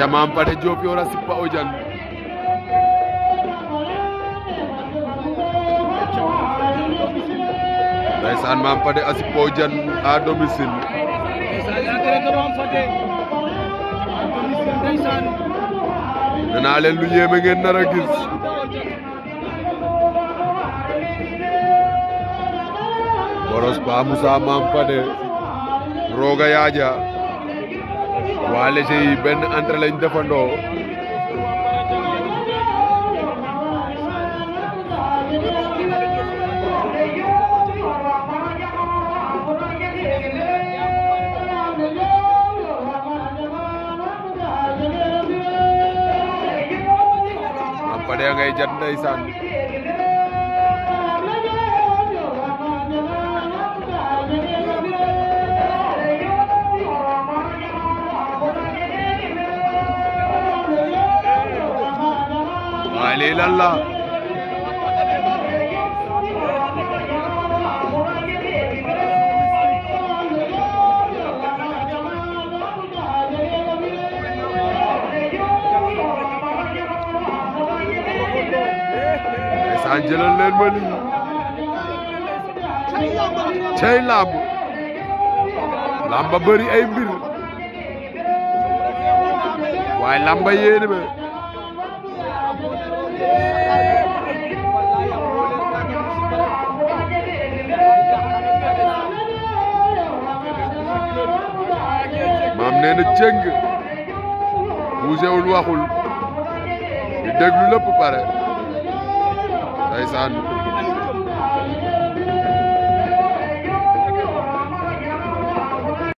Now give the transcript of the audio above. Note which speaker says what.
Speaker 1: Jaman pada Jopi orang sepak ojan. Raisan man pada asippa ojan a ah, domisil.
Speaker 2: Nana leen lu yéeme ngeen nar gis.
Speaker 1: Boros ba sama man Roga Roga ya aja waa léger ben benn lañ defando Pada ngay jatt ndaysan ilaha illallah sa jëlal leen ma lii cey làmb làmb bëri ay mbir waaye làmb yéene ma
Speaker 2: maam nee na cëng
Speaker 1: bougéwul waxul di déglu lépp pare ndeysaan